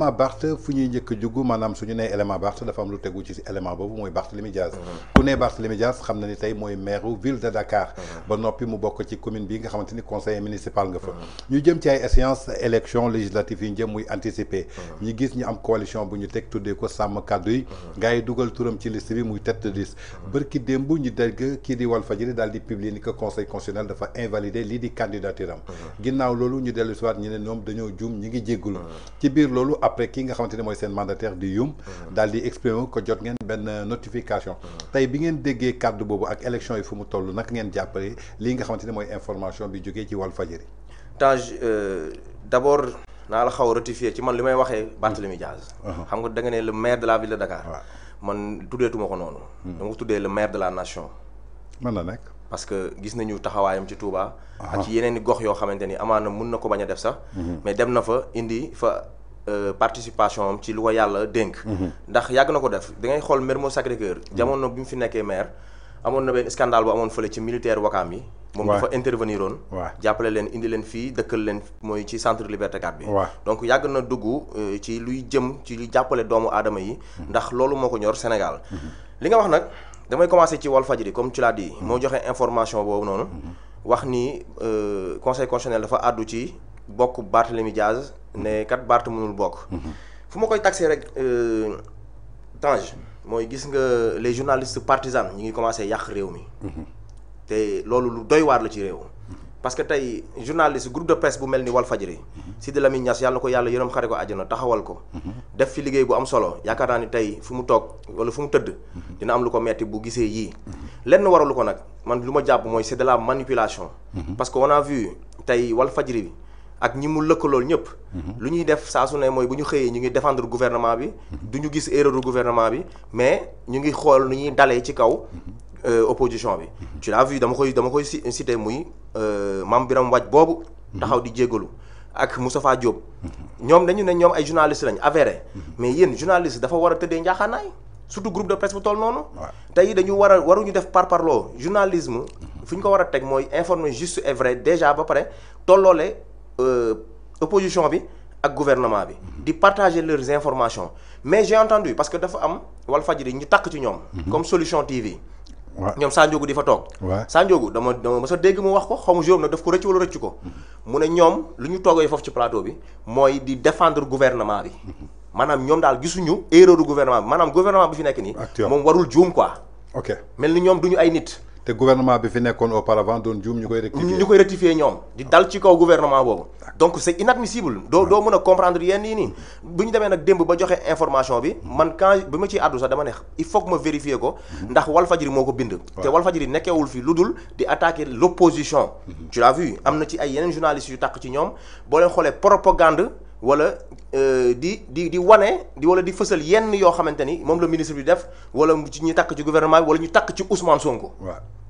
élément Barth fu ñuy njëkk a manam maanaam élément Barth dafa am lu téggu ci élément boobu mooy Barthélémy Diaz mhm. ku né Barthélémy Diaz xam na ni tay moy maire ville de Dakar mhm. ba nopi mu bokk ci commune bi nga xamanteni conseil conseiller municipal nga fa mhm. ñu jëm ci ay élection législative yi ñu jëm muy anticiper ñi gis ñu am coalition bu ñu tout tuddé ko sam kadui. yi gaay duggal turam ci liste bi muy tête de liste barki dembu ñu dégg ki di Walfadjri dal di publier conseil constitutionnel dafa invalider l'idée di candidature am ginnaw lolu ñu dellu si waat ñu ne dañoo juum ñi ngi jéggul ci biir lolu après ki nga xamanteni moy sen mandataire di yum mm-hmm. dal di exprimer ko jot ngeen ben notification mm-hmm. tay bi ngeen déggee cadre bobu ak élection yi fu mu toll nak ngeen jappalé li nga xamanteni moy information bi jógee ci wal Walfadjri euh d'abord naa la xaw ratifier ci man limay waxé waxee Barthélémy mm-hmm. Diaz uh-huh. xam nga da nga né le maire de la ville de Dakar man tuddeetuma ko noonu dama ko le maire de la nation man la nekk parce que gis nañu taxawayam ci Touba. Uh-huh. ak yeneen i gox yoo xamante ni amaana mun na ko bañ a def sax mais dem na fa indi fa euh, participation ci lu ko yàlla dénk. Mhm. ndax yag nako def da ngay xool Mermoz Sacré-Cœur. Mhm. jamono bimu fi nekké maire amoon na benn scandale bu amone feulé ci militaire wakaam yi. moom dafa intervenir oon jàppale leen indi len fi dëkkal len moy ci centre liberté 4 bi donc yag na duggu euh, ci luy jëm ci luy jàppale doomu adama yi mhm. ndax lolu moko ñor Sénégal li nga wax nak damay commencer ci wal Walfadjri comme tu l'as dit mo joxé information bobu noonu wax ni euh, conseil constitutionnel dafa addu ci bokk Barthélemy Diaz ne mhm. kat Barth mënul bok mhm. fu ma koy taxé rek euh, Tange moy gis nga les journalistes partisans ñi ngi commencé yak réew mi. Mhm. te loolu lu doy war la ci réew. parce que tay journaliste groupe de presse bu melni wal Walfadjri Sidi Lamine Niass yalla ko yalla yërëm xare ko aljana taxawal ko. def fi liggéey bu am solo yaakaar ni tay fu mu toog wala fu mu tëdd. dina am lu ko metti bu gisee yi lenn waralu ko nak man luma japp moy c'est de la manipulation. parce que on a vu tey Walfadjri bi ak ñi mu lëkkalool ñëpp. Mhm. lu ñuy def saa su ne mooy bu ñu xëyee ñu ngi défendre gouvernement bi. Mhm. du ñu gis erreur gouvernement bi mais ñu ngi xool nu ñuy dalee ci kaw. Mhm. Euh, opposition bi. tu l'as vu dama koy dama koy cité muy euh, Mame Birame Wathie boobu. taxaw di jéggalu ak Moustapha Diop. ñoom dañu ne ñoom ay journaliste lañ avéré. mais yéen journaliste dafa war a tëddee njaaxaanaay surtout groupe de presse bu toll noonu. tey dañu war a waruñu def par parloo journalisme. fu ñu ko war a teg mooy informer juste et vrai déjà ba pare tolloole. Euh, opposition bi ak gouvernement bi. di partager leurs informations mais j'ai entendu parce que dafa am fadjiri ñu tak ci mhm. comme Solution TV. ñom Sa Nous di fa tok Nous Sa dama dama sommes mu wax ko xamu Nous daf ko Nous wala ko. Mhm. mu ne lu ñu ci plateau bi moy di défendre gouvernement bi. Mhm. manam ñom daal erreur du gouvernement manam gouvernement bi fi quoi. ok mais ni duñu ay le gouvernement bi fi nekkoon auparavant doon juum ñu koy rectifier ñu koy rectifier ñoom di dal ci kaw gouvernement donc c'est inadmissible do do mën comprendre yenn yi ni, bu ñu nak nag démb ba information bi man quand bi ma ciy àddu sax dama ne il faut que me vérifier ko mhm. ndax walfajiri moko ko bind te walfajiri nekkewul fi ludul dul di attaquer l'opposition, mhm. tu l'as vu am na ci ay yeneen journalistes yu tàq ci leen propagande wala euh, di di di wane di wala di fessel yenn yo xamanteni mom le ministre bi def wala ci tak ci gouvernement wala ñu tak ci Ousmane Sonko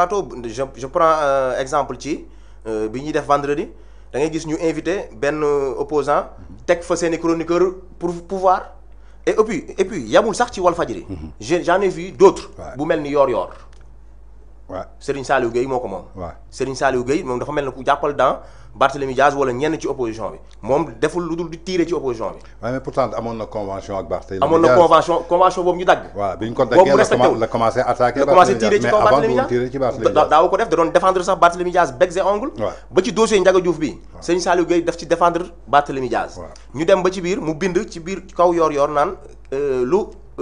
plateau je je prends euh, exemple ci euh, bi ñuy def vendredi da ngay gis ñu invité ben opposant tek fa seeni chroniqueur pour pouvoir et puis et puis yamul sax ci Walfadjri mhm. j'en ai vu d'autres bu melni yor yor yoor Serigne Saliou Gueye moko mom moom Serigne Saliou Gueye mom dafa mel ne ku jappal dans Barthélemy Diaz wala ñenn ci opposition bi mom deful lu di tirer ci opposition bi. mais pourtant na convention ak Barthélemy Diaz na convention convention boobu ñu dag waaw bi ñu ko daggee la commencé attaquer Barthélemy Diaz mais avant de tirer ci Barthélemy Diaz def da défendre sax Barthélemy Diaz bec et ongle. ba ci dossier ñaga bi. Seigne Gueye ci défendre Barthélemy Diaz. ñu dem ba ci mu bind yor-yor euh,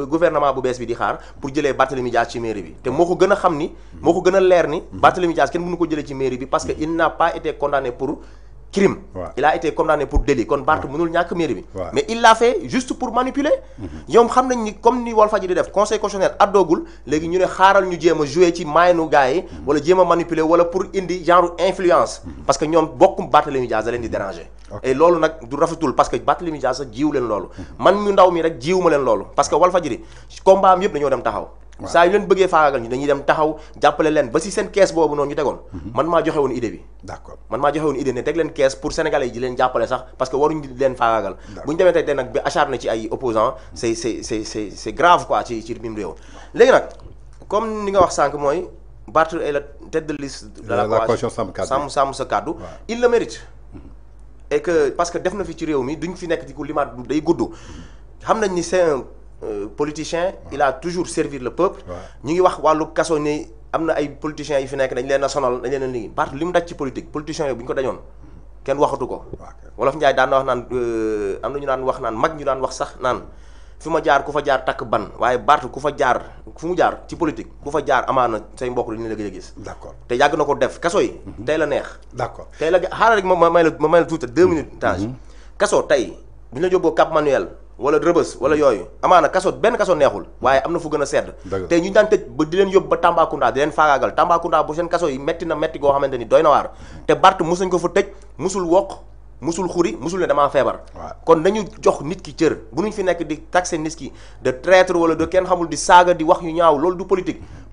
gouvernement bu bees bi di xaar pour jëlee Barthélemy Dias ci mairie bi te moo ko gën a xam ni moo ko gën a leer ni Barthélemy Dias kenn mënu ko jëlee ci mairie bi parce que il n'a pas été condamné pour crime. il a été condamné pour délit kon Bart mënul ñàkk mairie bi. mais il l'a fait juste pour manipuler. Mhm. ñoom xam nañ ni comme ni Walfadjri def conseil constitutionnel addoogul léegi ñu ne xaaral ñu jéem a jouer ci maayanu gars mhm. wala jéem manipuler wala pour indi genre influence. Mhm. parce que ñoom bokkum Barthélémy Dias da leen déranger. et lolu nak du rafetul parce que Barthélémy Dias jiw leen loolu. man mi ndaw mi rek jiw ma leen parce que Walfadjri combat am yëpp dañu dem taxaw. saa yu leen bëggee faagaagal ñu dañuy dem taxaw jàppale leen ba si seen kees boobu noonu ñu tegoon mhm. man maa joxe woon idée bi d'accord man maa joxe woon idée ne teg leen kees pour sénégalais yi di leen jàppale sax parce que waruñu di leen faagaagal bu ñu demee tey nag bi acharné ci ay opposants c'est c'est c'est c'est grave quoi ci ci réew léegi nag comme ni nga wax sànq mooy Barthe est la tête de liste de la coalition sàmm sàmm sa kàddu il le mérite mhm. et que parce que def na fi ci réew mi duñ fi nekk di ko limaat day gudd xam nañ ni c'est Euh, politicien il a toujours servi le peuple ñu ngi wax que les politiciens sont fi dañ leen a sonal dañ leen a politique Les politiciens, sont les ko Ils kenn waxatu ko wolof Njaay daan wax naan euh, ñu daan wax naan mag jaar ku fa jaar tak ban waye ku fa jaar fu mu jaar ci politique ku fa jaar say la gëj gis. d'accord te yag nako def kasso yi. Mhm. la neex. d'accord tay la ma minutes. Mhm. la Cap Manuel. wala rëbës wala mm. yooyu amaana kaso benn kaso neexul waaye am na fu gën a sedd te ñu daan tëj ba di leen yóbbu ba Tambacounda di leen faagaagal Tambacounda bu seen kaso yi metti na metti goo xamante ni doy na waar te Bart mos nañ ko fa tëj musul wokk musul xuri musul ne damaa feebar kon dañu jox nit ki cër bu ñu fi nekk di taxé nit ki de traître wala de kenn xamul di saaga di wax yu ñaaw loolu du politique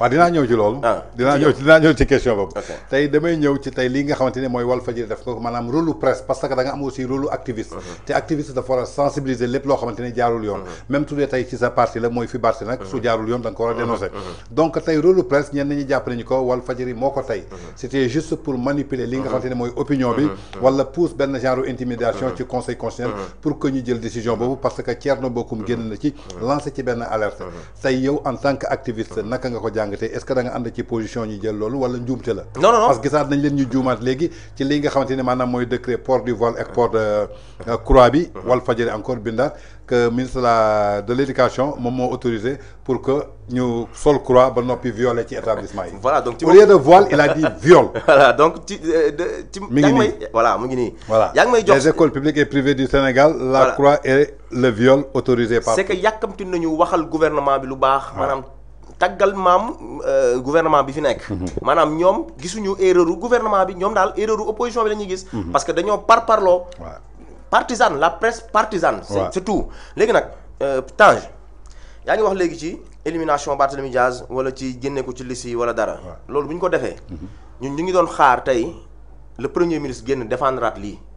waaw dinaa ñëw ci loolu ah, dinaa ñëw dinaa ñëw ci question boobu tey damay ñëw ci tey lii nga xamante ne mooy Walfadjri def ko maanaam rôle presse parce que da nga am aussi rôle mhm. te activiste dafa war a sensibiliser lépp loo xamante ne jaarul yoon mhm. même su dee tey ci sa parti la mooy fi parti nag su mhm. jaarul yoon da ko war a dénoncer donc tey rôle presse ñenn ñi jàpp nañu ko Walfadjri moo ko tey c'était juste pour manipuler li nga xamante ne mooy opinion bi wala pousse benn genre pour que ñu jël décision boobu parce que Thierno Bocoum génn na ci lancer ci benn alerte tey yow en tant que activiste ko jàng est-ce que position la non non parce que leen ñu ci li nga décret port du port euh, euh, croix bi uh-huh. wal encore Binda, que ministre de l'éducation mom autorisé pour que ñu sol croix ba nopi ci établissement yi voilà donc au lieu de voile il a dit viol voilà donc Tu euh, voilà mu voilà les écoles publiques et privées du Sénégal la croix et le viol autorisé par c'est que nañu waxal gouvernement bi lu baax taggal maam euh, gouvernement bi fi nekk. Mhm. maanaam ñoom gisuñu erreur u gouvernement bi ñoom daal erreur u opposition bi la ñuy gis. Mhm. parce que dañoo parparloo. partisane la presse partisane. c'est tout léegi nag euh, Tange yaa ngi wax léegi ci élimination Barthélemy Diaz wala ci génne ko ci liste yi wala dara. loolu bu ñu ko defee. Mhm. ñun ñu ngi doon xaar tey le premier ministre génn défendre lii.